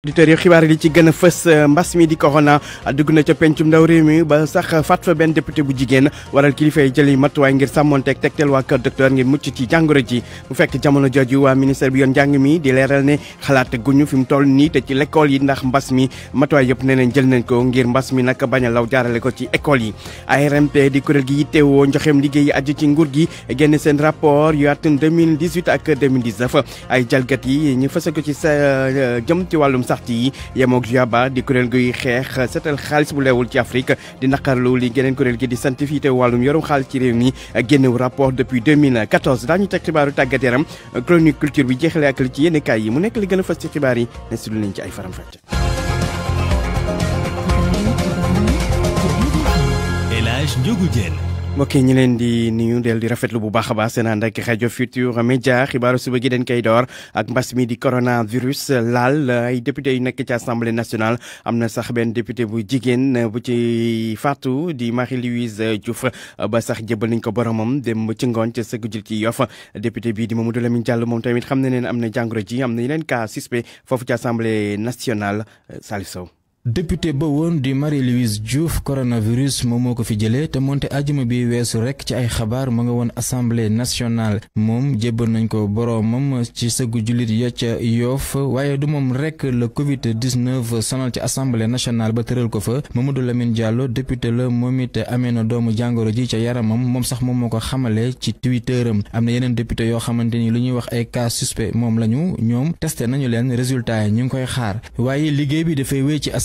auditeurs yi xibaar li ci gën a fës euh, mbas mi di corona dugg ca pencum ndaw réew mi ba sax faat fa benn député bu jigéen waral kilifa jëli matuwaay ngir sàmmonteeg tegtal waa kër docteur ngir mucc ci jàngoro ji bu fekk jamono jooju waa ministère bi yoon njàng mi di leeral ne xalaat guñu fi mu toll nii te ci l'école yi ndax mbas mi matuwaay yëpp ne neen jël nañ ko ngir mbas mi nag bañ a law jaarale ko ci école yi ARMP di kuréel gi yitteewoo ci gi génn seen rapport yu at 2018 ak sax ci yemoog Juaba di kuréel guy xeex setal xaalis bu leewul ci Afrique di naqarlu li geneen kuréel gi di sanctifié wàllum yorum xaalis ci réew mi génnew rapport depuis 2014 daañu teg xibaaru tàggat yaram chronique culture bi jeexale ak li ci yenn kaay yi mu nekk li gën a fas ci xibaar yi ne si lu nañ ci ay faram-fàcce. El Hadj mbokk yi ñu leen di nuyu del di rafetlu bu baax a baax seen ànd ak rajo Futur Média xibaaru suba gi dañ koy door ak mbas mi di coronavirus laal ay député yu nekk ci assemblée nationale am na sax benn député bu jigéen bu ci faatu di Marie-Louise Diouf ba sax jëbal nañ ko boromam dem ci ngoon ca sëgg jël ci Yoff député bii di Mamadou Lamine Diallo moom tamit xam na ne am na jàngoro ji am na leen cas suspect foofu ci assemblée nationale Salif député ba woon di Marie-Louise Diouf coronavirus moom moo ko fi jëlee te moonte ajuma bi weesu rekk ci ay xabaar mu nga woon assemblée nationale moom jébbal nañ ko boroomam ci sëggu jullit ya ca Yoff waaye du moom rekk la Covid 19 sonal ci assemblée nationale ba tëral ko fa Mamadou Lamine Diallo député la moom it amee na doomu jàngoro ji ca yaramam moom sax moom moo ko xamale ci twitteram am na yeneen député yoo xamante ni lu ñuy wax ay cas suspect moom lañu ñoom testé nañu leen résultat ñu ngi koy xaar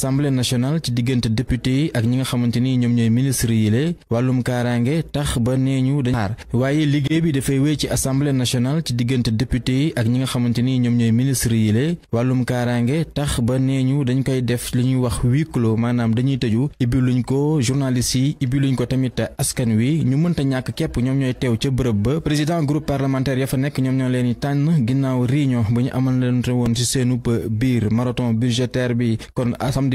assemblée nationale ci diggante député yi ak ñi nga xamante ni ñoom ñooy ministre yi la wàllum kaaraange tax ba nee ñu dañ xaar bi dafay wéy ci assemblée nationale ci diggante député yi ak ñi nga xamante ni ñoom ñooy ministre yi la wàllum kaaraange tax ba nee ñu dañ koy def li ñuy wax huis clos maanaam dañuy tëju ibbi luñ ko journaliste yi ibbi luñ ko tamit askan wi ñu mënta ñàkk képp ñoom ñooy teew ca bërëb ba président groupe parlementaire ya fa nekk ñoom ñoo leen di tànn ginnaaw réunion ba ñu amal leen woon ci seenub biir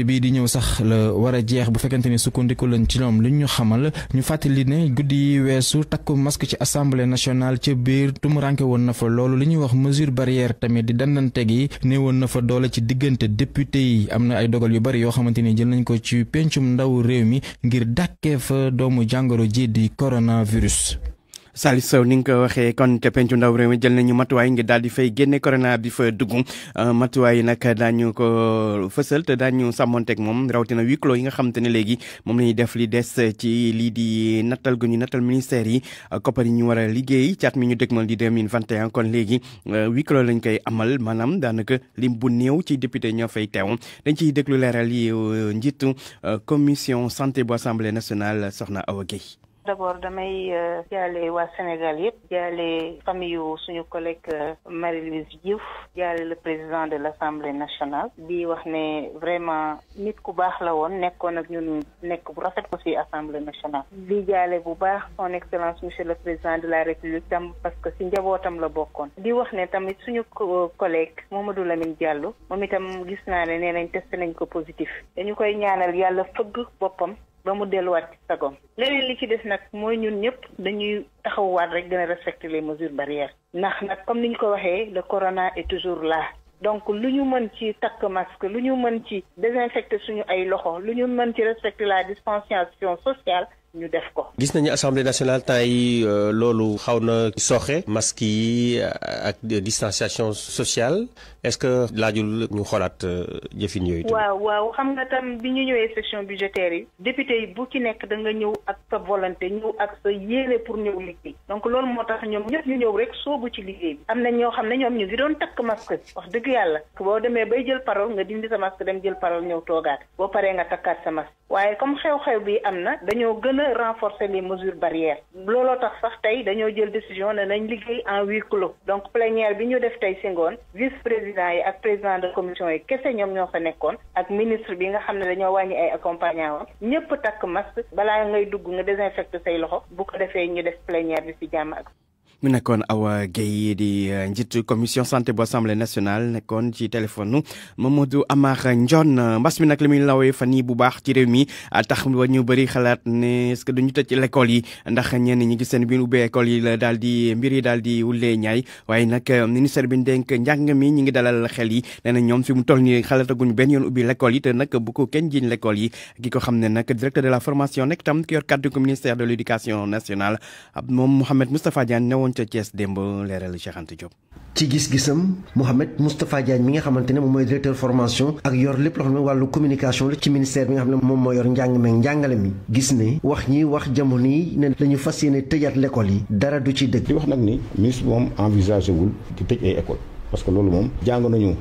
bi bii di ñëw sax la war a jeex bu fekkente ni sukkandiku lañ ci ñoom li ñu xamal ñu fàttali ne guddi yi weesu takku masque ci assemblée nationale ca biir tumuranke woon na fa loolu li ñuy wax mesure barrière tamit di gi yi woon na fa doole ci diggante député yi am na ay dogal yu bari yoo xamante ni jël nañ ko ci pencum ndawu réew mi ngir dàkkee fa doomu jàngoro ji di virus Salif Sow ni nga ko waxee kon te pencu ndaw réew mi jël nañu matuwaay ngi daldi fay génne corona bi fa dugg euh, matuwaay nak dañu daañu ko fësal te daañu sàmmonteeg moom rawatina huis clos yi nga xam te mom lañuy def li dess ci li di natal gu ñu nattal ministère yi koppar yi ñu wara a liggéey chat mi ñu dégmal di 2021 kon léegi euh, huis clos lañ koy amal manam daanaka lim bu néew ci député ño fay téw dañ ciy déglu leeral yi euh, njiitu commission santé bu assemblée nationale soxna Awa d'abord damay euh, jaale waa Sénégal yëpp jaale famille yu suñu collègue euh, Marie-Louise Diouf jaale le président de l'Assemblée nationale di wax ne vraiment nit ku baax la woon nekkoon ak ñun nekk bu rafet aussi Assemblée nationale di jaale bu baax son excellence monsieur le président de la République tam parce que si njabootam la bokkoon di wax ne tamit suñu euh, collègue Mamadou Lamine Diallo moom itam gis naa ne nee nañ testé nañ ko positif dañu koy ñaanal yàlla fëgg boppam ba mu delluwaat ci sagom leneen li ci des nag mooy ñun ñëpp dañuy taxawaat rek gën a respecter les mesures barrières ndax nag comme ni ñu ko waxee le corona est toujours là donc lu ñu mën ci takk masque lu ñu mën ci désinfecter suñu ay loxo lu ñu mën ci respecter la distanciation sociale ñu def ko. gis nañu assemblée nationale temps yi euh, loolu xaw na soxe masque yi euh, ak distanciation sociale est-ce que laajul ñu xoolaat euh, jëfin yooyu. waaw waaw xam nga tam bi ñu ñëwee section budgétaire yi. député yi bu ci nekk da nga ñëw ak sa volonté ñëw ak sa yéene pour ñëw liggéey. donc loolu moo tax ñoom ñëpp ñu ñëw rek soobu ci liggéey bi. am na ñoo xam ne ñoom ñu di doon takk masque wax dëgg yàlla. boo demee bay jël parole nga dindi sa masque dem jël parole ñëw toogaat. boo paree nga takkaat sa masque. waaye comme xew-xew bi am na dañoo gën renforcer les mesures barrières looloo tax sax tay dañoo jël décision ne nañ liggéey en huit clos donc plénière bi ñu def tay si vice président yi ak président de commission yi kese ñoom ñoo fa nekkoon ak ministre bi nga xam ne dañoo wàññi ay accompagnant wam ñëpp takk masque balaa ngay dugg nga désinfecté say loxo bu ko defee ñu def plénière bi si jàmm ak mu nekkoon Awa Guèye di njiitu commission santé bu assemblée nationale nekkoon ci téléphone Mamadou Amar Ndione mbas mi nag li muy lawee fan yii bu baax ci réew mi tax ba ñu bëri xalaat ne est-ce que duñu tëj l'école yi ndax ñenn ñi gis seen ubbee école yi la daal di mbir yi daal di wulee ñaay waaye nag ministère bi dénk njàng mi ñi ngi dalal xel yi nee na ñoom fi mu toll nii xalaataguñu benn yoon ubbi l'école yi te nag bu ko kenn jiñ l'école yi ki ko xam ne nag directeur de la formation nekk tam ki yor kàddu ministère de l'éducation nationale moom Mouhamed Moustapha Diagne newoon woon ca Thiès démb leeral Cheikh Anta ci gis-gisam Mouhamed Moustapha Diagne mi nga xamante ne moom mooy directeur formation ak yor lépp loo xam ne wàllu communication ci ministère bi nga xam ne moom moo yor njàng meeg njàngale mi gis ne wax ñi wax jamono yi ne la ñu fas yéene tëjaat l'école yi dara du ci dëgg. di wax nag ni ministre moom envisagé wul di tëj ay école parce que loolu moom jàng nañu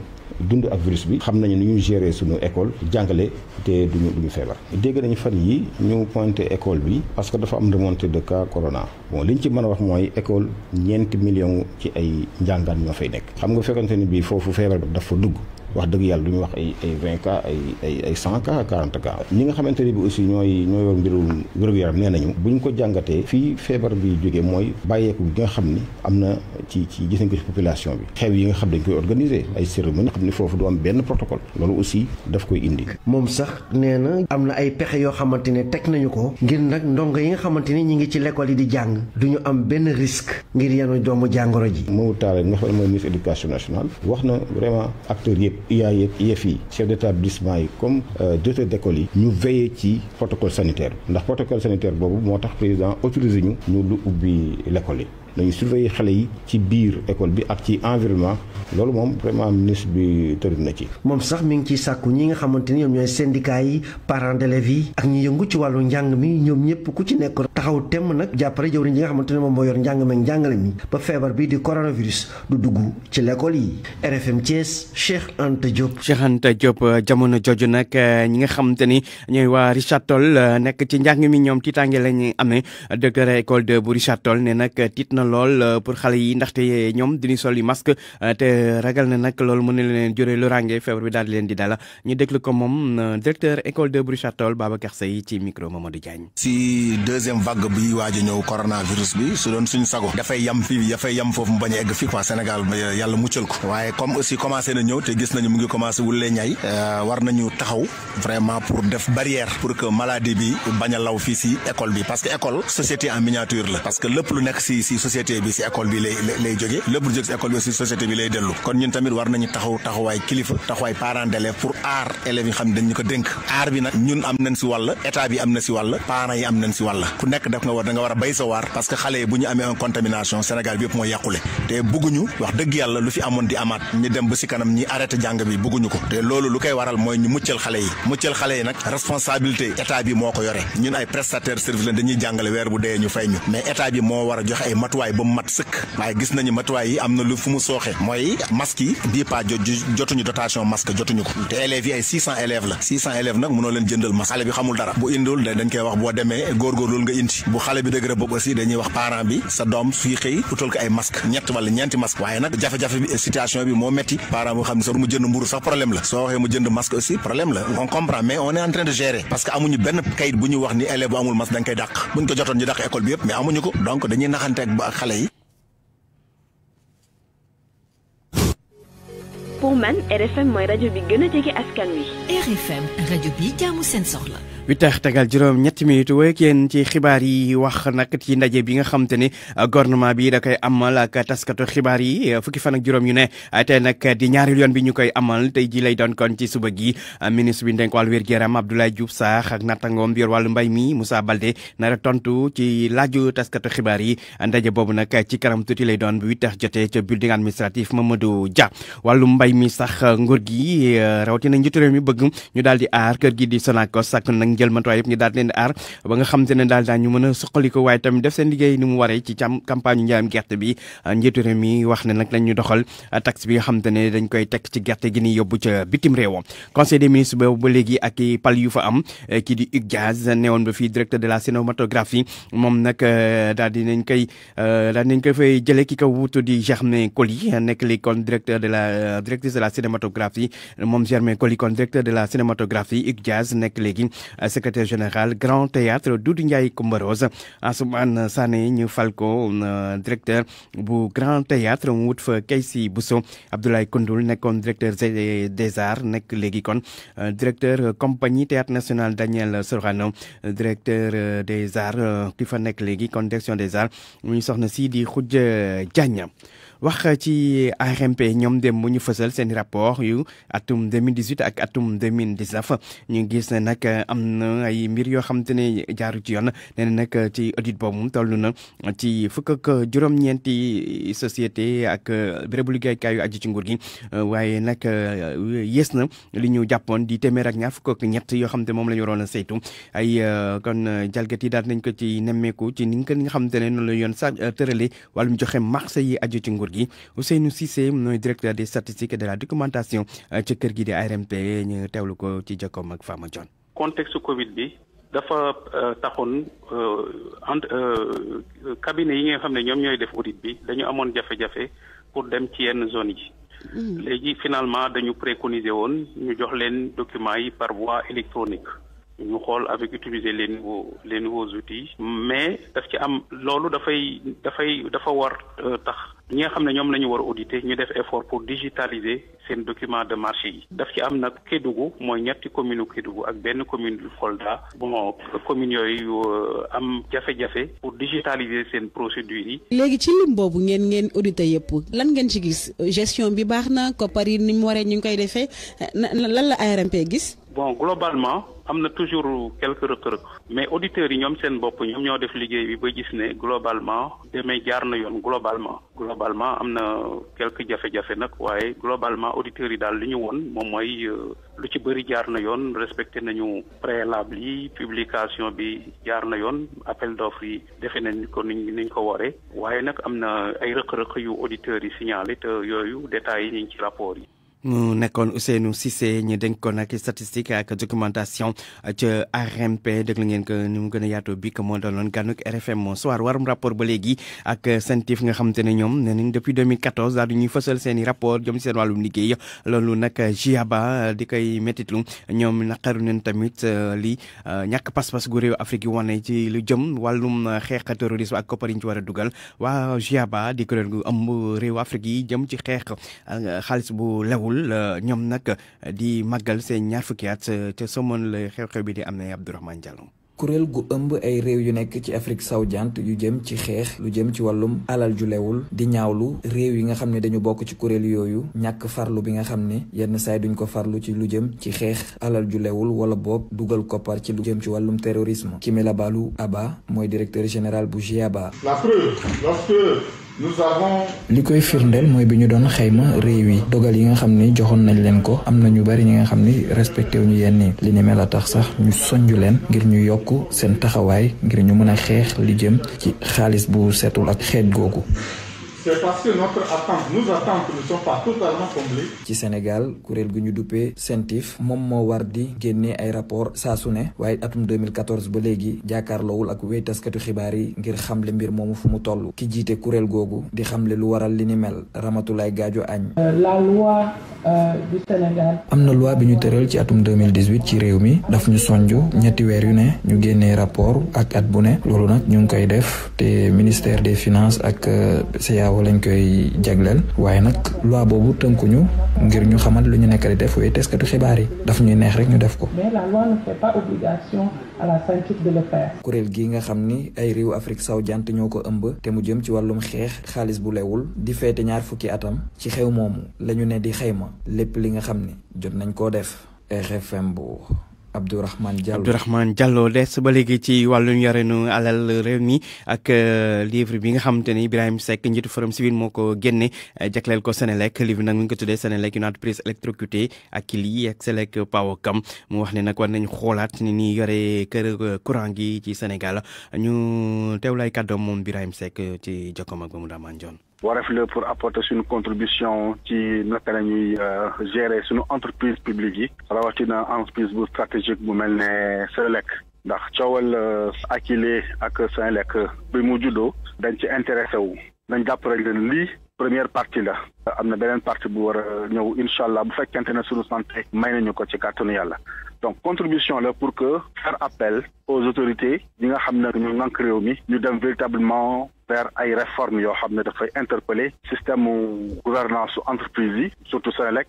dund ak virus bi xam nañu ni ñuy gérer suñu école jàngale te duñu duñu feebar dégg nañu fan yi ñu pointé école bi parce que dafa am remontée de cas corona li ñu ci mën a wax mooy école ñeenti million ci ay njàngaan ñoo fay nekk xam nga fekkante ni bii foofu feebar bi dafa dugg wax dëgg yàlla du ñu wax ay ay 20 cas ay ay ay cas ñi nga xamante ne bi aussi ñooy ñooy yor mbirum wér-gu-yaram nee nañu bu ñu ko jàngatee fii feebar bi jógee mooy bàyyeeku bi nga xam ni am na ci ci gis ko ci population bi xew yi nga xam dañ koy organiser ay cérémonie xam ni foofu du am benn protocole loolu aussi daf koy indi moom sax nee na am na ay pexe yoo xamante ne teg nañu ko ngir nag ndongo yi nga xamante ne ñi ngi ci l'école yi di jàng duñu benn risque ngir yenu doomu jàngoro ji Mamadou Talla nga xam ne mooy wax na vraiment acteurs yëpp Il y chef d'établissement comme euh, directeur têtes d'école nous veillons veillé ci protocole sanitaire le protocole sanitaire nous avons président autorisé nous ñu dañuy surveiller xale yi ci biir école bi ak ci environnement loolu moom vraiment ministre bi tëdd na ci moom sax mi ngi ciy sàkku ñi nga xamante ni ñoom ñooy syndicat yi parents d'élèves yi ak ñi yëngu ci wàllu njàng mi ñoom ñëpp ku ci nekk taxaw temm nag jàppale jëwriñ ji nga xamante ne moom moo yor njàng meeg njàngale mi ba feebar bi di coronavirus du dugg ci l'école yi RFM Thiès Cheikh Anta Diop Cheikh Anta Diop jamono jooju nag ñi nga xamante ni ñooy waa Richard Toll nekk ci njàng mi ñoom tiitaange la ñuy amee dëgg école de bu Richard Toll ne nag tiit na na lool euh, pour xale yi ndaxte ñoom dinu sol yi masque euh, te ragal na nag loolu mën na leen jure lorange feebar bi daal leen di dala ñu déglu ko moom euh, directeur école de bruchatol babacar sey ci micro mamadou diagne si deuxième vague bi waaja ñëw coronavirus bi su doon suñu sago dafay yam fii dafay yam foofu mu bañ a egg fii quoi sénégal yàlla muccal ko waaye comme aussi commencé na ñëw te gis nañu mu ngi commencé wulle ñay war nañu taxaw vraiment pour def barrière pour que maladie bi bañ a law fii si école bi parce que école société en miniature la parce que lépp lu nekk si si société bi si école bi lay lay jógee lépp lu jóg si école bi si société bi lay dellu kon ñun tamit war nañu taxaw taxawaay kilifa taxawaay parent d'élève pour aar élèves yi xam dañ ñu ko dénk aar bi nag ñun am nañ si état bi am parents yi am nañ ku nekk daf nga war da nga bay sa parce que bu ñu un contamination Sénégal bi yakule. mooy bugunyu te bugguñu wax dëgg yàlla lu fi amoon di amat ñi dem ba si kanam ñi arrêté jàng bi bugguñu ko te loolu lu waral mooy ñu muccal xale yi muccal xale yi nag responsabilité état bi moo ko ñun ay prestataire service lañ dañuy jàngale weer bu dee ñu fay ñu mais état bi joxe ay matuwaay ba mu mat sëkk waaye gis nañu matuwaay yi am na lu fu mu sooxe mooy masque yi bii pas jotuñu dotation masque jotuñu ko te élèves yi ay 600 élèves la 600 élèves nag mënoo leen jëndal masque xale bi xamul dara bu indul dañ koy wax boo demee góorgóorlu nga indi bu xale bi dëgëra boobu aussi dañuy wax parent bi sa doom suy xëy utal ko ay masque ñett wala ñeenti masque waaye nag jafe-jafe bi situation bi moo metti parent boo xam ne sax mu jënd ak xale yi. pour man RFM mooy rajo bi gën a jege askan wi. RFM rajo bi jaamu seen soxla. witex tagal juróom ñetti minute itu yéen ci xibaar yi wax nag ci ndaje bi nga xam te euh, gouvernement bi da koy amal ak taskatu xibaar yi euh, fukki fan ak juróom yu ne euh, tey nag di ñaari yoon bi ñu amal tey ji lay doon kon ci suba gi ministre bi ndenk wàllu wér yaram Abdoulaye Diouf Sarr ak nattangoom biir wàllu mbay mi Moussa Balde nara tontu ci laaju taskatu xibaar yi ndaje boobu nag ci kanam tuuti lay doon bu witex jotee ca building administratif Mamadou Dia wàllu mbay mi sax nguur gi rawatina njiitu réew mi bëgg ñu di aar kër gi di ngeen jël matuwaay yëpp ñu daal nga xam ne daal daañu mën a suqali ko waaye tamit def seen liggéey ni mu waree ci cam campagne njaayam gerte bi ah, njiitu réew mi wax ne nag lañ ñu doxal ah, taxe bi nga xam te ne dañ koy teg ci gerte gi ni yóbbu ca bitim réewam conseil des ministres boobu ba léegi ak i pal yu fa am eh, kii di UGAS newoon ba fii directeur de la cinématographie moom nag eh, daal dinañ koy eh, daal dinañ koy fay jëlee ki ko wutu di Germain Coly nekk li kon directeur de la directrice de la cinématographie moom Germain Coly kon directeur de la cinématographie UGAS nekk léegi secrétaire général Grand Théâtre Doudou Ndiaye Asuman Rose Falco, Sané euh, directeur du Grand Théâtre moutfa Kaysi Bousso Abdoulaye Kondoul, directeur des arts Nek Legikon, euh, directeur euh, compagnie théâtre national Daniel Sorano directeur des arts qui fa nekk direction des arts muy soxna si di wax ci ARMP ñoom dem mu ñu fësal seen rapport yu atum 2018 ak atum 2019 ñu gis ne nag am na ay mbir yoo xam te ne jaaru ci yoon nee na nag ci audit boobu toll na ci fukk ak juróom-ñeenti société ak bérébu liggéeykaay yu aju ci nguur gi waaye nag yées na li ñu jàppoon di téeméer ak ñaar fukk ak yoo xam te moom la ñu waroon a saytu ay kon jalgati daal nañ ko ci nemmeeku ci ni nga xam te ne noonu la yoon sax tërale wàllum joxe marché yi aju ci nguur góor gi Ousseynou Cissé moy directeur des statistiques et de la documentation euh, ci kër gi di ARMP ñu tewlu ko ci jokkoom ak Fama John. contexte Covid bi dafa euh, taxoon euh, euh cabinet yi nga xamné ñom ñoy def audit bi dañu amone jafé jafé pour dem ci yenn zone yi. Mm. légui finalement dañu préconiser won ñu jox leen documents yi par voie électronique ñu xool avec utiliser les nouveaux les nouveaux outils mais daf ci am loolu dafay dafay dafa war euh, tax ñi nga xam ne ñoom la ñu war auditer ñu def effort pour digitaliser seen document de marché yi daf ci am nag Kédougou mooy ñetti commune Kédougou ak benn commune folda bon commune yooyu euh, am jafe-jafe pour digitaliser seen procédures yi. léegi ci lim boobu ngeen ngeen auditer yëpp lan ngeen ci gis gestion bi baax na koppar yi ni mu waree ñu ngi koy defee lan la ARMP gis. bon globalement. am na toujours quelques rëkk-rëkk mais auditeurs yi ñoom seen bopp ñoom ñoo def liggéey bi ba gis ne globalement demee jaar na yoon globalement globalement am na quelques jafe-jafe nag waaye globalement auditeurs yi daal li ñu woon moom mooy euh, lu ci bëri jaar na yoon respecté nañu préalable yi publication bi jaar na yoon appel d'offre yi defe nañ ko niñ niñ ko waree waaye nag am na ay rëq rëq yu auditeurs yi signalé te yooyu détails yi ñu ngi ci rapport yi mu nekkoon Ousseynou Cissé ñu dénkoon ak statistique ak documentation ca RMP déglu ngeen ko ni mu gën a yaatoo bi que moo doonoon gànnuk RFM soir warum rapport ba léegi ak sentif nga xam te ne ñoom nee nañ depuis 2014 daal di ñuy fësal seen i rapport jëm seen wàllum liggéey loolu nag GIABA di koy ñoom naqaru tamit li ñàkk pas-pas gu réew Afrique yi wane ci lu jëm wàllum xeex terrorisme ak koppar ci war a dugal waa Jiaba di kuréel gu ëmb réew Afrique yi jëm ci xeex xaalis bu lew terewul euh, ñoom nag euh, di màggal seen ñaar fukki euh, te somoon la bi di am na Abdourahmane Diallo kuréel gu ëmb ay réew yu nekk ci Afrique sawjant yu jëm ci xeex lu jëm ci wàllum alal ju lewul di ñaawlu réew yi nga xam ne dañu bokk ci kuréel yooyu ñàkk farlu bi nga xam ne yenn saay duñ ko farlu ci lu jëm ci xeex alal ju lewul wala boog dugal koppar ci lu jëm ci wàllum terrorisme Kimela Balou Aba mooy directeur général bu GIABA. La li koy firndeel mooy bi ñu doon xayma réew yi dogal yi nga xam ni joxoon nañ leen ko am na ñu bari ñi nga xam ni respecté wu ñu yenn yi li ni mel a tax sax ñu sonju leen ngir ñu yokk seen taxawaay ngir ñu mën a xeex li jëm ci xaalis bu setul ak xeet googu. c'est parce que notre attente nos attentes ne sont pas totalement comblées. ci Sénégal kuréel gu ñu duppee CENTIF moom moo war di ay rapport atum 2014 ba léegi jàkkaarloowul ak wéy taskatu xibaar ngir xamle mbir moomu fu mu toll ki jiite kuréel googu di xamle lu waral Ramatoulaye ni mel Ramatulaay euh, la loi euh, du Sénégal. Amna loi bi ñu tëral ci atum 2018 ci réew mi daf ñu sonju ñetti weer yu ne ñu rapport ak at bu ne loolu def te ministère des finances ak euh, CA. ndaw lañ koy jagleel waaye nag loi boobu tënkuñu ngir ñu xamal lu ñu nekk di def waaye teskatu xibaar yi daf ñuy neex rek ñu def ko. kuréel gii nga xam ni ay réew Afrique saw jant ñoo ko ëmb te mu jëm ci wàllum xeex xaalis bu lewul di feete ñaar fukki atam ci xew moomu lañu ne di xayma lépp li nga xam ni jot nañ koo def RFM bu Abdurrahman Diallo Abdurrahman Diallo des ba ci wàllum yorenu alal réew mi ak euh, livre bi nga xamante ni Seck njiitu Forum Civil moko ko jaklel euh, jagleel ko Senelec livre nag mu ngi ko tuddee Senelec une entreprise électrocutée ak lii ak Selec Powercom mu wax ne nag war nañ xoolaat ni ni yore kër euh, courant gi ci Sénégal ñu teewlay kàddoom moom Ibrahima Seck ci jokkoom ak ba mu daamaan Warefleur pour apporter une contribution ci naka la ñuy euh, gérer suñu entreprise publique yi rawatina entreprise bu stratégique bu melne ne Senelec ndax coowal euh, Akilee ak Senelec bi mu juddoo dañ ci intéressé wu dañ jàpp rek li première partie là, amna benen partie bu wara a inshallah bu fekkente ne suñu santé may nañu ko ci kàttanu yàlla donc contribution là, pour que faire appel aux autorités yi nga xam nous ñu nànk réew mi ñu dem véritablement vers ay réformes yo avons da fay interpeller système gouvernance entreprise surtout surtout Senelec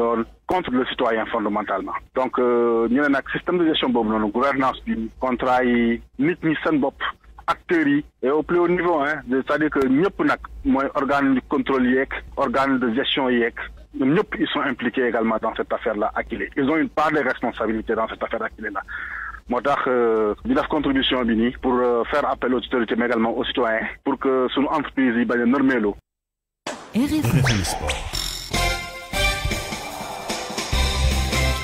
contre le citoyen fondamentalement donc y a un système de gestion de gouvernance un contrat yi nit ñi son et au plus haut niveau hein c'est-à-dire que nous avons un organe de contrôle un organe de gestion ils sont impliqués également dans cette affaire là ils ont une part de responsabilité dans cette affaire là Moi, tax di euh, def contribution à Bini pour euh, faire appel aux autorités mais également aux citoyens pour que son entreprise yi de a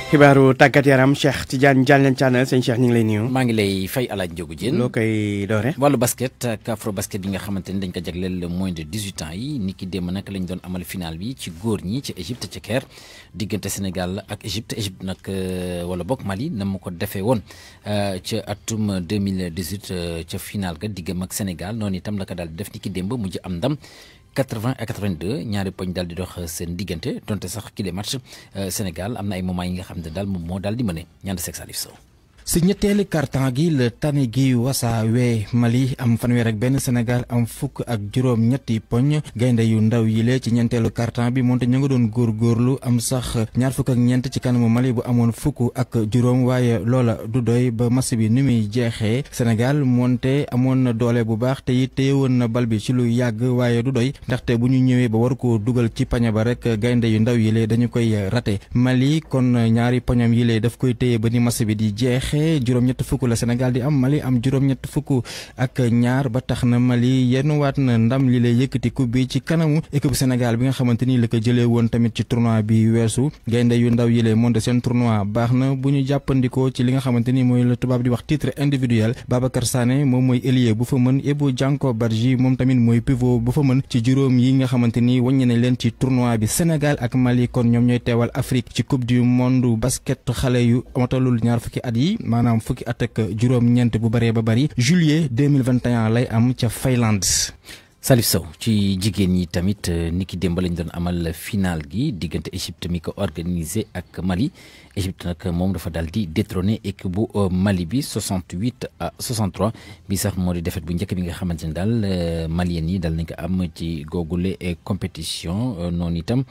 xibaaru tàggat yaram Cheikh Tidiane Diagne Thiana sëñ Cheikh ñu ngi lay nuyu. maa ngi lay fay alaaj Ndiogou Diène loo koy doore. wàllu basket ak afro basket bi nga xamante ni dañ ko jagleel le moins de dix ans yi ni ki démb nag lañ doon amal final bi ci góor ñi ci Égypte ci Caire diggante Sénégal ak Égypte Égypte nag euh, wala bokk Mali na mu ko defee woon euh, ca atum deux euh, ca final ga diggam ak Sénégal noonu itam la ko daal di def ni ki démb mujj am ndam. 80 82 ñaari poñ daal di dox seen diggante donte sax kii de match Sénégal am ay moments yi nga xam xam ne daal moom moo dal di mëne ñaan seeg Salif Sow si kartang Gil gi la tani gi wasaawee Mali am fanweer ak benn Sénégal am fukk ak juróom ñetti poñ gaynde yu ndaw yi le ci bi moonte ñu nga doon góorgóorlu am sax ñaar ak ci kanamu Mali bu amoon fukk ak juróom waaye loola du doy ba match bi ni muy jeexee Sénégal moonte amoon na doole bu baax te it téyewoon na bal bi ci lu yàgg waaye du doy ndaxte ba war ko dugal ci pañe ba rek gaynde yu ndaw yi le koy Mali kon ñaari poñam yi le daf koy téye ba ni bi di jeex waxee juróom-ñett fukk la Sénégal di am Mali am juróom-ñett fukk ak ñaar ba tax na Mali yenn waat na ndam li lay yëkkati coupe bi ci kanamu équipe Sénégal bi nga xamante ni la ko jëlee woon tamit ci tournoi bi weesu gaynde yu ndaw yi lay monte seen tournoi baax na bu ñu jàppandikoo ci li nga xamante ni mooy la tubaab di wax titre individuel Babacar Sané moom mooy ailier bu fa mën Ebou Janko Barji moom tamit mooy pivot bu fa mën ci juróom yi nga xamante ni wàññi nañ leen ci tournoi bi Sénégal ak Mali kon ñoom ñooy teewal Afrique ci coupe du monde basket xale yu amatalul ñaar fukki at yi manam fukki at ak juróom-ñeent bu bari ba bari juillet 2021 lay am ca Finlande Salif Sow ci jigen ñi tamit euh, niki ki lañ doon amal final gi diggante Égypte mi ko organisé ak Mali Égypte nak mom dafa daldi détrôner détrôné équipe bu euh, Mali bi 68 à 63 bi sax modi défaite bu njëkk bi nga xamanteni dal euh, malien yi dal nañ ko am ci googule compétition non itam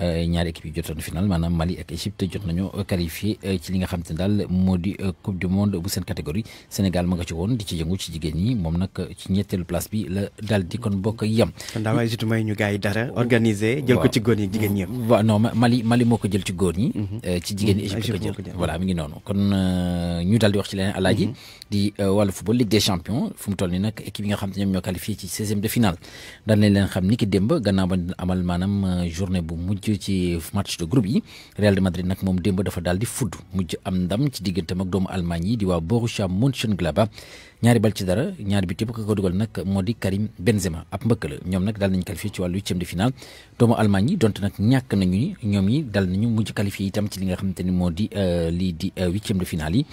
euh, ñaari équipe yi jotoon final maanaam Mali ak Égypte jot nañu qualifié euh, ci li nga xam te ne daal moo di euh, coupe du monde bu seen catégorie Sénégal ma nga ci woon di ci yëngu ci jigéen ñi moom nag ci ñetteelu place bi la daal di kon bokk yam kon daa may may ñu gars yi dara organiser. jël ko ci góor ñi jigéen ñi wa non Mali Mali moo ko jël ci góor ñi. Mhm. ci jigéen ñi Égypte ko jël voilà mi ngi noonu kon ñu daal di wax ci leneen alaaji mhm. di wàllu football Ligue des champions fu mu toll ni nag équipe yi nga xam te ñoom ñoo qualifié ci 16e de finale daan nañ leen xam ni ki démb gannaaw ba amal maanaam journée bu mujj mujj ci match de groupe yi Real de Madrid nag moom démb dafa daal di fudd mujj am ndam ci digganteem ak doomu Allemagne yi di waa Borussia Mönchengladbach ñaari bal ci dara ñaari but yëpp ka ko dugal nag moo di Karim Benzema ab mbëkk la ñoom nag daal nañu qualifié ci wàllu huitième de finale doomu Allemagne yi donte nag ñàkk nañu ñoom yi dal nañu mujj qualifié itam ci li nga xam xamante ni moo di euh, lii di euh, huitième de finale yi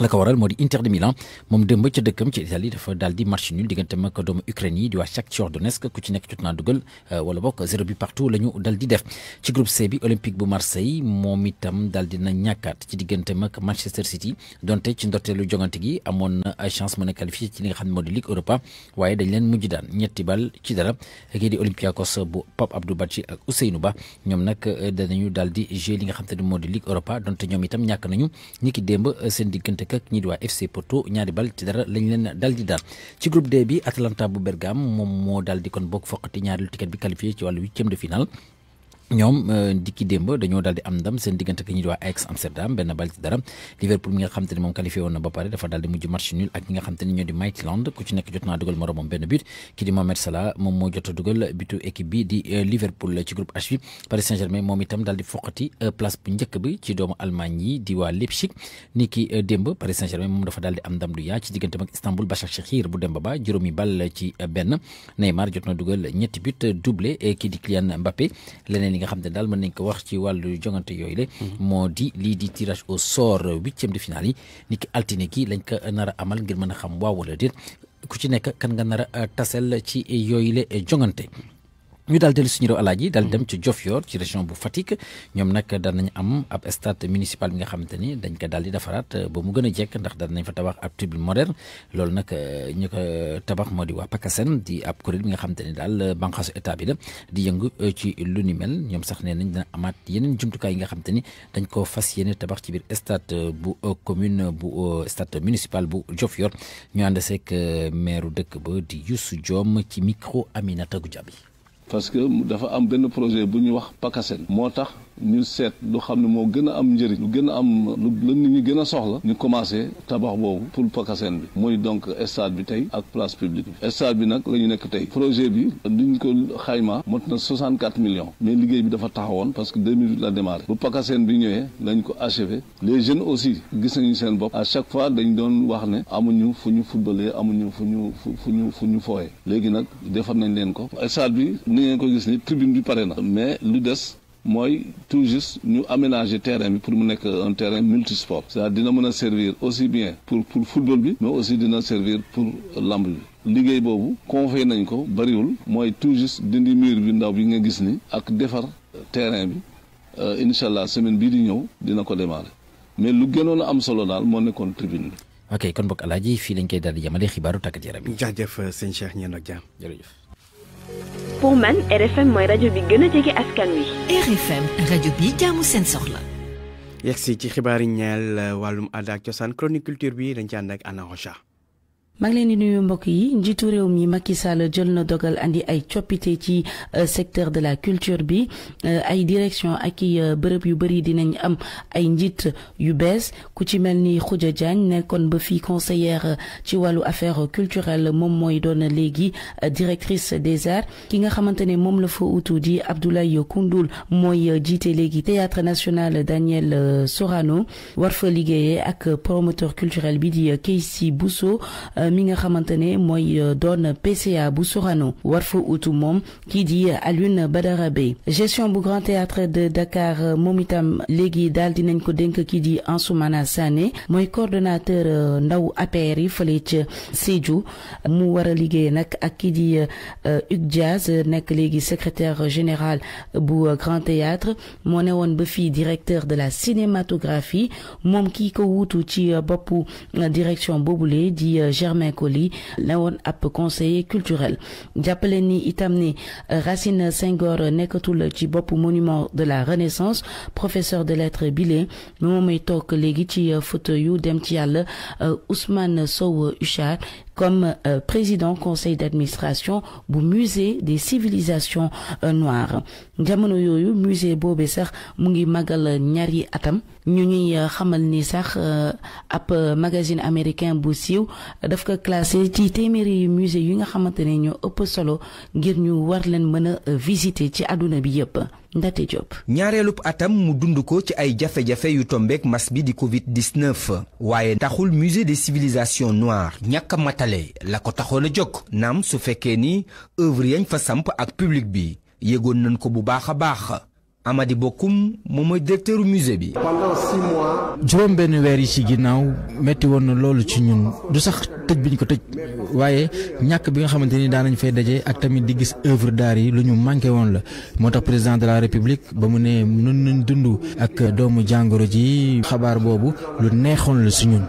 la ko waral Inter de Milan mom démb ci dëkkam ci Italie dafa daldi match nul diggante mag doomu Ukraine yi di waa Shakhtar Donetsk ku ci nek jot naa euh, wala bok zéro partout lañu daldi def ci groupe C bi Olympique bu Marseille mom itam daldi na ñàkkaat ci diggante mag Manchester City donté ci ndorteelu jongante gi amoon na ay chance mën a qualifié ci li nga xam modi Ligue Europa waye dañ leen mujj daan ñetti bal ci dara kii di Olympiakos bu pop Abdou bachi ak Ousseynou Ba ñoom nag euh, danañu daldi di li nga xam te Ligue Europa donté ñom itam ñak nañu ñiki ki euh, seen nekk ak ñi di waa FC Porto ñaari bal ci dara lañ leen dal di daan ci groupe D bi Atalanta bu Bergame moom moo dal di kon bokk foqati ñaari lu ticket bi qualifié ci wàllu huitième de finale ñoom euh, Diki démb dañoo daal di am ndam seen diggante ki ñuy waa Ajax Amsterdam benn bal ci dara Liverpool mi nga xam te ne qualifié woon na ba pare dafa daal di mujj match nul ak ñi nga xam te ñoo di Maitland ku ci nekk jot naa dugal moromam benn but ki di Mohamed Salah moom moo jot a bitu équipe bi di euh, Liverpool ci groupe H Paris Saint-Germain moom itam daal di foqati euh, place bu njëkk bi ci doomu Allemagne yi di waa Leipzig ni ki Paris Saint-Germain moom dafa daal di am ndam du yaa ci diggante mag Istanbul Başakşehir bu Demba Ba juróomi bal ci Ben Neymar jot na dugal ñetti but doublé kii di Kylian Mbappé leneen nga xam ne daal mën nañ ko wax ci wàllu jongante yooyu la moo di lii di tirage au soor huitième de finale yi ni ki altine gi lañ ko nar a amal ngir mën a xam waaw wala déet ku ci nekk kan nga nar a tasel ci yooyu la jongante ñu daal dellu suñu réew alaaji daal mm-hmm. dem ci Diofior ci région bu Fatick ñoom nag daan nañu am ab state municipal bi nga xamante ni dañ ko daal di defaraat ba mu gën a jekk ndax daan nañ fa tabax ab tribune moderne loolu nag euh, ñu ko tabax moo di waa PACASEN di ab kuréel bi nga xamante ni daal euh, banqaasu état bi la di yëngu euh, ci lu ni mel ñoom sax nee nañ dana amaat yeneen jumtukaay yi nga xamante ni dañ ko fas yéene tabax ci biir stade bu commune bu stade municipal bu Diofior ñu ànd maire dëkk ba di Youssou Diom ci micro Aminata Goudiaby parce que dafa am benn projet bu ñuy wax PACASEN moo tax ñu seet lu xam ne moo gën a am njëriñ lu gën a am lu nit ñi gën a soxla ñu commencé tabax boobu pour Pakaseen bi mooy donc stade bi tey ak place publique bi stade bi nag la ñu nekk tey projet bi duñ ko xayma mot na 64 millions mais liggéey bi dafa taxawoon parce que 2008 la démarré bu Pakaseen bi ñëwee lañ ko achevé les jeunes aussi gis nañu seen bopp à chaque fois dañ doon wax ne amuñu fu ñu footballé amuñu fu ñu fu ñu fu ñu fooyee léegi nag defar nañ leen ko stade bi ni ngeen ko gis ni tribune bi pare na mais lu des moi, tout juste ñu aménager terrain bi pour mu nekk un terrain multisport c'est-à-dire dina nous servir aussi bien pour pour football bi mais aussi dina servir pour lamb bi liggéey boobu confié nañ ko bariwul mooy tout juste dindi mur bi ndaw bi nga gis ni ak defar terrain bi euh, incha allah semaine bii di ñëw dina ko démarrer mais lu gënoon a am solo daal moo nekkoon tribune bi ok kon bokk alaaji fii lañ koy daal di yemale xibaaru tàggat yaram yi. jaajëf sëñ Cheikh ñeen ak jaam jërëjëf. pour man RFM mooy rajo bi gën jege askan wi. RFM rajo bi jaamu seen soxla. ci xibaar yi ñeel wàllum aada ak cosaan chronique culture bi dañ ci ànd ak Anna maa ngi nuyu mbok yi njiitu réew mi Macky dogal andi ay ci euh, secteur de la culture bi euh, ay direction ak i euh, bërëb yu bëri dinañ am ay njiit yu bes ku ci melni Khoudia Diagne ba fi conseillère ci walu affaire culturelle mom moy directrice des arts ki nga xamantene mom la fa utu di Abdoulaye Koundoul moy théâtre national Daniel Sorano war fa liggéeyee ak promoteur culturel bi di Keysi Bousso mi nga xamantene moy euh, doon PCA bu gestion bu Grand Théâtre de Dakar euh, Momitam legui dal di Ansoumana euh, ndaw mu secrétaire général bu Grand Théâtre Buffy directeur de la cinématographie Mon ki ko direction Bobule di Germain Germain Colli la conseiller culturel Diapeleni Itamni, itam Racine Senghor Nekotul ci monument de la renaissance professeur de lettres bilé, moom mooy Legiti Demtial, ci Ousmane Sow Uchar, comme euh, président conseil d'administration du musée des civilisations euh, noires jamono yooyu musée bobé sax mu ngi magal euh, ñaari atam ñu ñuy euh, xamal ni sax ap magazine américain bu siiw daf ko classer ci téeméeri musée yi nga xamantene ñoo ëpp solo ngir ñu war leen mëna visiter ci aduna bi yépp Ndate Diop. ñaareelub atam mu dund ko ci ay jafe-jafe yu tombeek mas bi di Covid 19 waaye taxul musée de civilisations noires ñàkka a matale la ko taxoon a jóg naam su fekkee ni œuvre yañ fa samp ak public bi yëgoon nañ ko bu baax a baax. Amady Bokoum moom mooy directeuru musée bi. pendant juróom benn weer yi ci ginnaaw métti woon na loolu ci ñun du sax tëj bi ñu ko tëj waaye ñàkk bi nga xamante ni daan nañ fay daje ak tamit di gis œuvre d'art yi lu ñu manqué woon la moo tax président de la république ba mu ne nun nañ dund ak doomu jàngoro ji xabaar boobu lu neexoon la ci ñun.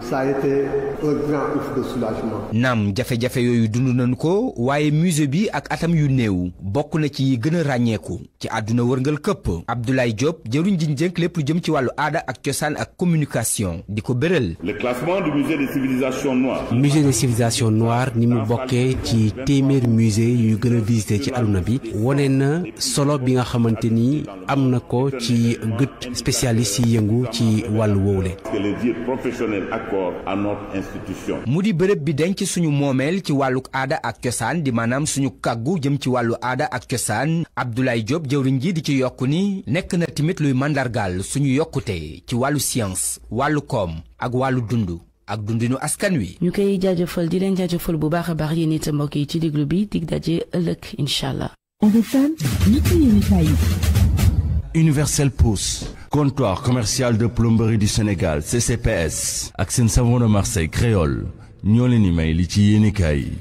un grand naam jafe-jafe yooyu dund nañu ko waaye musée bi ak atam yu néew bokk na ci gën a ràññeeku ci àdduna wërngal këpp Abdoulaye Diop jëruñ ji njëkk lépp lu jëm ci wàllu aada ak cosaan ak communication di ko béral. le classement du musée ni mu bokkee ci téeméer musée yu gën a visité ci àdduna bi wone na solo bi nga xamante ni am na ko ci gët spécialiste yi yëngu ci wàll woowule. mu di bërëb bi denc suñu moomeel ci wàllu aada ak cosaan di maanaam suñu kàggu jëm ci wàllu aada ak cosaan Abdoulaye Diop jëwriñ ji di ci yokk ni nekk na tamit luy màndargaal suñu yokkute ci wàllu science wàllu koom ak wàllu dund. ak dundinu askan wi. ñu koy jaajëfal di leen jaajëfal bu baax a baax yéen it mbokk yi ci diglu bi dig daje ëllëg incha allah. Universel Pousse comptoir commercial de plomberie du Sénégal CCPS ak savon de Marseille créole ñoo leen di may li ci yéenekaay yi.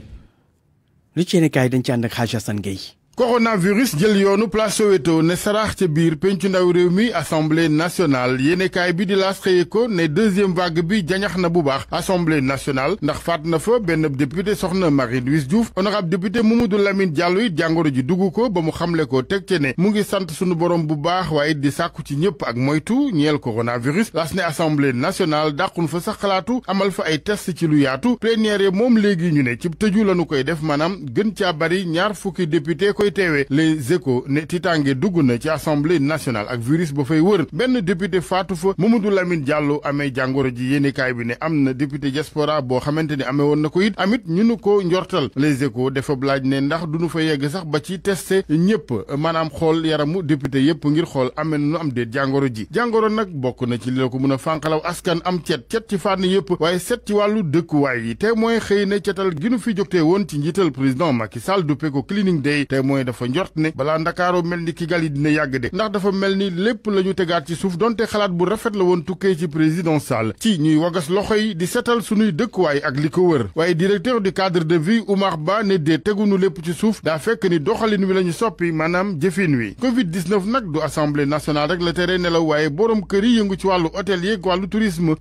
li ci dañ ci coronavirus jël yoonu place Soweto ne sarax ci biir pencu ndaw réew mi assemblée nationale kay bi di laas ko ne deuxième vague bi jañax na bu baax assemblée nationale ndax faat na fa benn député soxna Marie-Louise Diouf honorable député Mamadou Lamine Diallo it jàngoro ji dugg ko ba mu xamle ko teg ne mu ngi sant sunu borom bu baax waaye di sàkku ci ñëpp ak moytu ñeel coronavirus las ne assemblée nationale dàqun fa sax xalaatu amal fa ay test ci lu yaatu plénière moom léegi ñu ne ci tëju lañu koy def maanaam gën caa bari ñaar fukki député koy fay teewee les échos ne tiitaange dugg na ci assemblée nationale ak virus ba fay wër benn député faatu fa Mamadou Lamine Diallo amee jàngoro ji yéenekaay bi ne am na député diaspora boo xamante ni amee woon na ko it amit ñu nu ko njortal les échos dafa laaj ne ndax du nu fa yegg sax ba ci teste ñëpp maanaam xool yaramu député yëpp ngir xool amee nu am déet jàngoro ji jàngoro nag bokk na ci li ko mën a fànqalaw askan am cet cet ci fànn yëpp waaye set ci wàllu dëkkuwaay yi te mooy xëy na cetal gi nu fi jógtee woon ci njiital président Macky Sall duppe ko cleaning day mooy dafa njort ne balaa ndakaaroo mel ni Kigali dina yàgg de ndax dafa mel ni lépp la tegaat ci suuf donte xalaat bu rafet la woon tukkee ci président Sall ci ñuy wagas loxo yi di setal suñuy dëkkuwaay ak li ko wër waaye directeur du cadre de vie Oumar Ba ne dee tegunu lépp ci suuf daa fekk ni doxalin wi la ñu soppi maanaam jëfin wi Covid 19 nag du assemblée nationale rek la tere nelaw waaye borom kër yi yëngu ci wàllu hôtel yeeg wàllu tourisme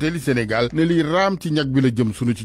yi Sénégal ne lii raam la jëm sunu ci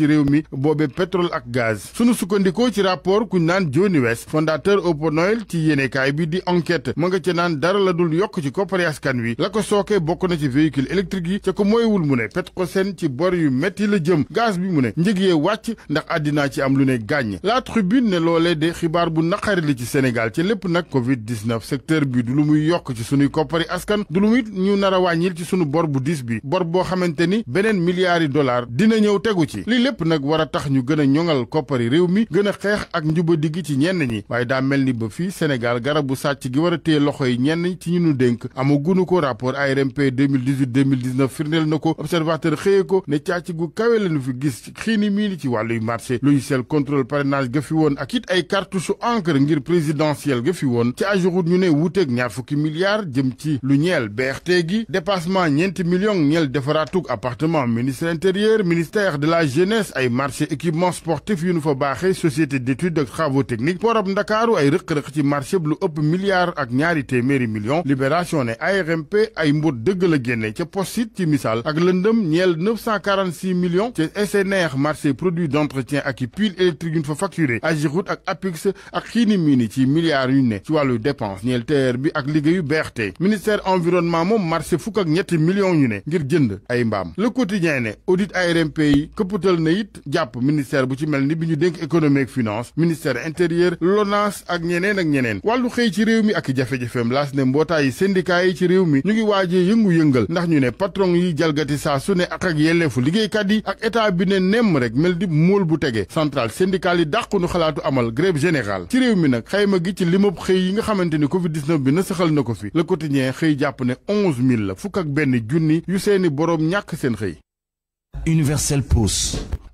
ci réew mi boobe pétrole ak gaz sunu sukkandikoo ci rapport kuñ naan Johnny West fondateur Openoil ci yéenekaay bi di enquête ma nga ca naan dara la dul yokk ci koppari askan wi la ko sooke bokk na ci véhicule électrique yi ca ko mooywul mu ne Petrosen ci bor yu metti la jëm gaz bi mu ne njëg yee wàcc ndax àddinaa ci am lu ne gàññ la tribune ne loolee de xibaar bu naqari li ci Sénégal ci lépp nag Covid 19 secteur bi du lu muy yokk ci sunuy koppari askan du lu muy ñu nar a ci sunu bor bu diis bi bor boo xamante ni beneen milliards yi dollars dina ñëw tegu ci lépp nag war a tax ñu gën a ñoŋal koppari réew mi gën a xeex ak njubadi diggi ci ñenn ñi waaye daa mel ni ba fii Sénégal garabu sàcc gi war a téye loxo yi ñenn ci ñu nu dénk ama gunu ko rapport ARMP 2018 2019 firndeel na ko observateur xëyee ko ne càcc gu kawe lañu fi gis xiini mii ni ci wàlluy marché logiciel contrôle parrainage ga fi woon ak it ay cartouche encre ngir présidentiel ga fi woon ci ajurut ñu ne wuuteeg ñaar fukki milliards jëm ci lu ñeel BRT gi dépassement ñeenti millions ñeel defaratuk appartement ministre intérieur ministère de la jeunesse et ay marché équipement sportif une fois barré, société d'études de travaux techniques pour abdakar ay à ci marché bleu lu milliard milliards ak ñaari millions libération et ARMP ay de dëgg la génne qui posit ci misal, ak l'endem, niel 946 millions ca SNR marché produit d'entretien à qui pile électrique une fois facturé a ak Apix ak xiini miini ci milliards yu ne ci dépense terbi TER bi ak liggéeyu ministère environnement mon marché fukk ak millions une, ngir le quotidien ne audit ARMP yi na it jàpp ministère bu ci mel ni bi ñu dénk économie ak finance ministère intérieur LONASE ak ñeneen ak ñeneen wàllu xëy ci réew mi ak jafe-jafeem laas ne mbootaayi syndicat yi ci réew mi ñu ngi waajee yëngu-yëngal ndax ñu ne patron yi jalgati saa su ne ak ak yelleefu liggéeykat yi ak état bi ne nemm rek mel di móol bu tege central syndical yi dàqunu xalaatu amal grève générale ci réew mi nag xayma gi ci limub xëy yi nga xamante ni covid 19 bi na saxal na ko fi le xëy jàpp ne onze mille la fukk ak benn junni yu seeni boroom ñàkk seen xëy universel plus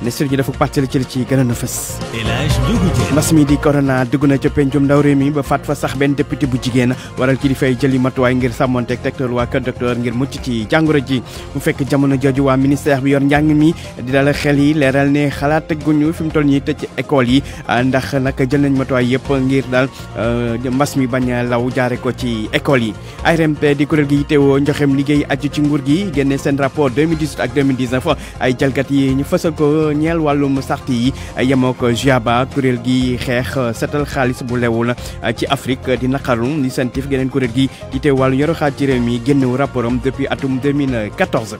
ministre gi dafa pàccal ci ci gën a na mi di corona dugg na ca pencum ndaw réew mi ba faat fa sax benn député bu jigéen waral ki di fay jëli matuwaay ngir sàmmonteeg tegtal waa ngir mucc ci ji mu fekk jamono ministère bi yor mi di dala xel yi leeral ne xalaat guñu fi mu toll ñuy tëj école yi ndax nag jël nañ ngir eh, mi law ko ci école yi di kuréel gi yitewoo njoxem liggéey aju ci nguur gi génne seen rapport 2018 ak 2019 ay jalgat yi ñu ko ñeel wàllum sart yi yemook JABA kuréel gi xeex setal xaalis bu lewul ci Afrique di naqarum li sentif geneen kuréel gi di te wàllu yoro xaat ci réew mi génnewu rapportam depuis atum 2014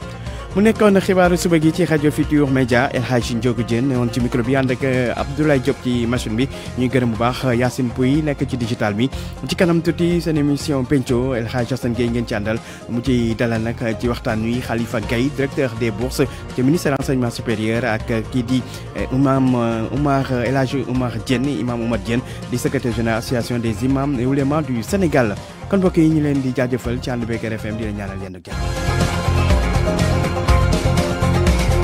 mu nekkoon xibaaru suba gi ci rajo Futurs Médias El Hadj Ndiogou Diène ne woon ci micro bi ànd ak euh, Abdoulaye Diop ci machine bi ñuy gërëm bu baax euh, Yacine Pouy nekk ci digital bi ci kanam tuuti seen émission penco El Hadj Assane ngeen ci àndal mu ci dalal nag ci waxtaan wi Khalifa Gaye directeur des bourses ci ministère enseignement supérieur ak euh, kii di imam Oumar El Hadj Oumar Diène imam Oumar Diène di secrétaire général association des imams et oulémas du Sénégal kon mbokk yi ñu leen di jaajëfal ci ànd beeg RFM di leen ñaanal yendu jàmm